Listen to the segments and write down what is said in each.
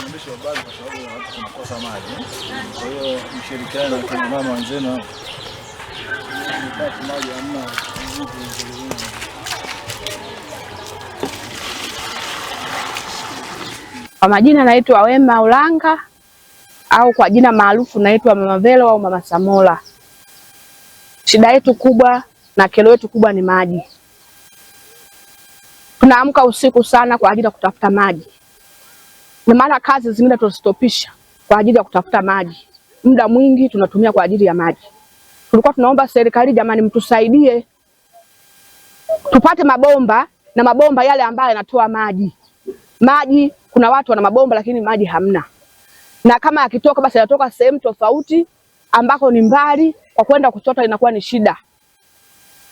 mwandishi wa habari kwa sababu watu tunakosa maji. Kwa hiyo mshirikiano na kina mama wenzenu hapo. maji hamna Kwa majina naitwa Wema Ulanga au kwa jina maarufu naitwa Mama Velo au Mama Samola. Shida yetu kubwa na kero yetu kubwa ni maji. Tunaamka usiku sana kwa ajili ya kutafuta maji na maana kazi zingine tulistopisha kwa ajili ya kutafuta maji. Muda mwingi tunatumia kwa ajili ya maji. Tulikuwa tunaomba serikali, jamani, mtusaidie tupate mabomba na mabomba yale ambayo yanatoa maji. Maji kuna watu wana mabomba lakini maji hamna, na kama yakitoka basi yanatoka sehemu tofauti ambako ni mbali, kwa kwenda kuchota inakuwa ni shida.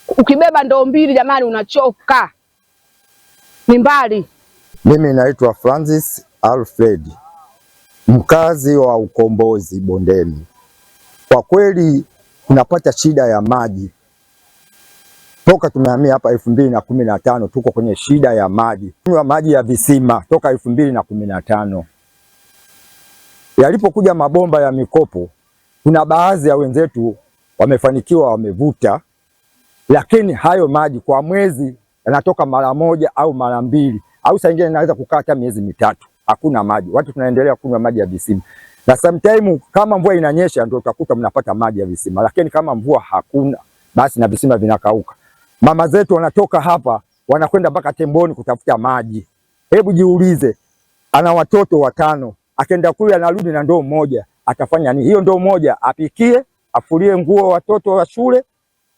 Ukibeba ndoo mbili, jamani, unachoka, ni mbali. Mimi naitwa Francis Alfred, mkazi wa Ukombozi Bondeni. Kwa kweli tunapata shida ya maji toka tumehamia hapa elfu mbili na kumi na tano tuko kwenye shida ya maji, kunywa maji ya visima toka elfu mbili na kumi na tano yalipokuja mabomba ya mikopo. Kuna baadhi ya wenzetu wamefanikiwa, wamevuta, lakini hayo maji kwa mwezi yanatoka mara moja au mara mbili, au saa nyingine inaweza kukaa hata miezi mitatu hakuna maji, watu tunaendelea kunywa maji ya visima, na sometime kama mvua inanyesha ndio utakuta mnapata maji ya visima, lakini kama mvua hakuna basi na visima vinakauka. Mama zetu wanatoka hapa wanakwenda mpaka Temboni kutafuta maji. Hebu jiulize, ana watoto watano, akenda kule anarudi na ndoo moja, atafanya nini? Hiyo ndoo moja apikie, afulie nguo watoto wa shule,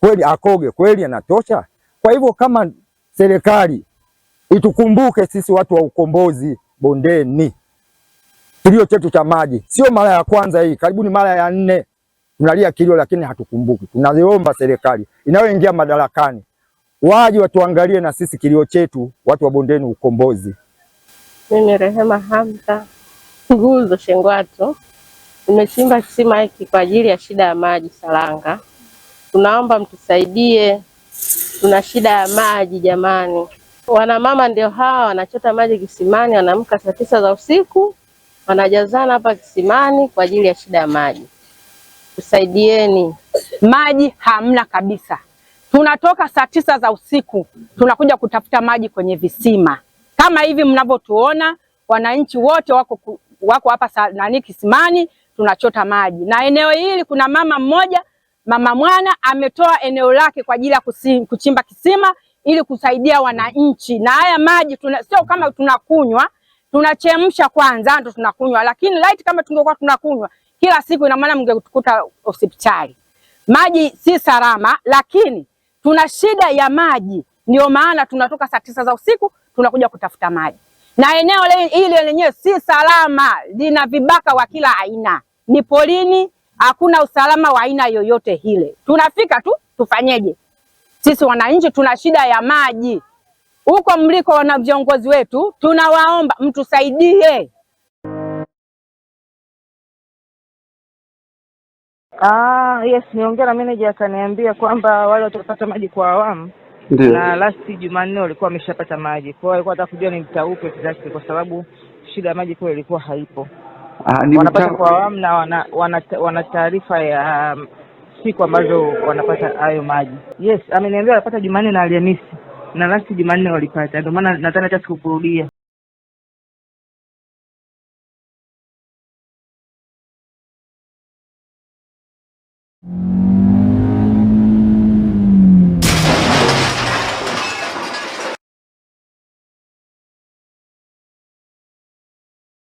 kweli akoge, kweli anatosha? Kwa hivyo kama serikali itukumbuke sisi watu wa ukombozi bondeni. Kilio chetu cha maji sio mara ya kwanza hii, karibuni mara ya nne tunalia kilio, lakini hatukumbuki. Tunaziomba serikali inayoingia madarakani waje watuangalie na sisi kilio chetu, watu wa bondeni, ukombozi. Mimi Rehema Hamza Nguzo Shengwato nimechimba kisima hiki kwa ajili ya shida ya maji Saranga. Tunaomba mtusaidie, tuna shida ya maji jamani. Wanamama ndio hawa wanachota maji kisimani, wanaamka saa tisa za usiku wanajazana hapa kisimani kwa ajili ya shida ya maji. Tusaidieni, maji hamna kabisa. Tunatoka saa tisa za usiku tunakuja kutafuta maji kwenye visima kama hivi mnavyotuona. Wananchi wote wako wako hapa nani kisimani, tunachota maji, na eneo hili kuna mama mmoja, mama Mwana, ametoa eneo lake kwa ajili ya kuchimba kisima ili kusaidia wananchi. Na haya maji tuna, sio kama tunakunywa, tunachemsha kwanza ndo tunakunywa, lakini light kama tungekuwa tunakunywa kila siku, ina maana mngekutukuta hospitali. Maji si salama, lakini tuna shida ya maji, ndio maana tunatoka saa tisa za usiku tunakuja kutafuta maji, na eneo ili lenyewe si salama, lina vibaka wa kila aina, ni polini, hakuna usalama wa aina yoyote ile. Tunafika tu tufanyeje? Sisi wananchi tuna shida ya maji huko mliko na viongozi wetu, tunawaomba mtusaidie. Ah, yes, niongea na meneja akaniambia kwamba wale watapata maji kwa awamu Ndiyo. na last Jumanne walikuwa wameshapata maji, kwa hiyo alikuwa atakujua kujua ni mtaa upi exactly, kwa sababu shida ya maji kwa ilikuwa haipo. Ah, wanapata kwa awamu na wana, wana, wana taarifa ya siku ambazo wanapata hayo maji. Yes, ameniambia wanapata Jumanne na Alhamisi na lasti Jumanne walipata, ndio maana nadhani hata sikukurudia.